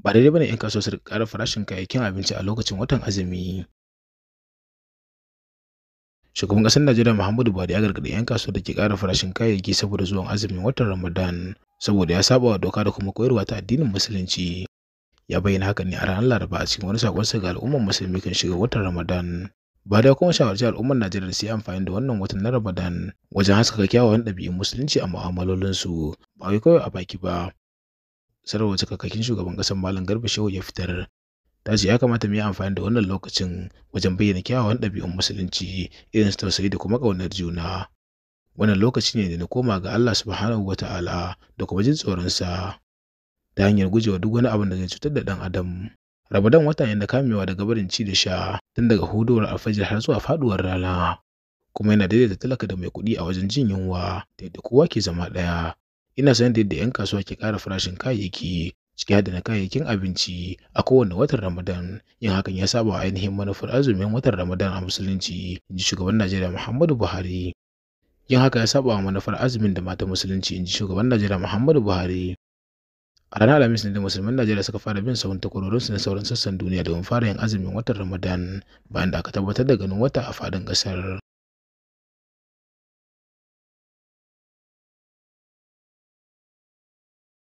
ba daidai bane 'yan kasuwa su ƙara farashin kayayyakin abinci a lokacin watan azumi shugaban ƙasar najeriya muhammadu buhari ya gargaɗi 'yan kasuwa da ke ƙara farashin kayayyaki saboda zuwan azumin watan ramadan saboda ya saba wa doka da kuma koyarwa ta addinin musulunci ya bayyana haka ne a ranar laraba a cikin wani sakonsa ga al'ummar musulmi kan shiga watan ramadan ba da kuma shawarci al'ummar najeriya su yi amfani da wannan watan na ramadan wajen haskaka kyawawan ɗabi'un musulunci a mu'amalolinsu ba wai kawai a baki ba cika kakin shugaban ƙasar Malam Garba Shehu ya fitar. Ta ce ya kamata mu yi amfani da wannan lokacin wajen bayyana kyawawan ɗabi'un musulunci irin su tausayi da kuma ƙaunar juna. Wannan lokaci ne da na koma ga Allah subhanahu wa ta'ala da kuma jin tsoron sa. ta hanyar gujewa duk wani abin da zai cutar da ɗan adam. Ramadan wata yana kamewa daga barin ci da sha tun daga huduwar alfajir har zuwa faduwar rana. kuma yana daidaita talaka da mai kuɗi a wajen jin yunwa da yadda kowa ke zama ɗaya Ina sanar da yadda 'yan kasuwa ke ƙara farashin kayayyaki ciki har da na kayayyakin abinci a kowane watan Ramadan. Yin hakan ya saba'wa wa ainihin manufar azumin watan Ramadan a Musulunci, in ji Shugaban Najeriya Muhammadu Buhari. Yin haka ya saba wa manufar azumin da mata Musulunci, in ji Shugaban Najeriya Muhammadu Buhari. A ranar Alhamis ne da musulman Najeriya suka fara bin sahun takwarorinsu na sauran sassan duniya domin fara yin azumin watan Ramadan bayan da aka tabbatar da ganin wata a fadin ƙasar.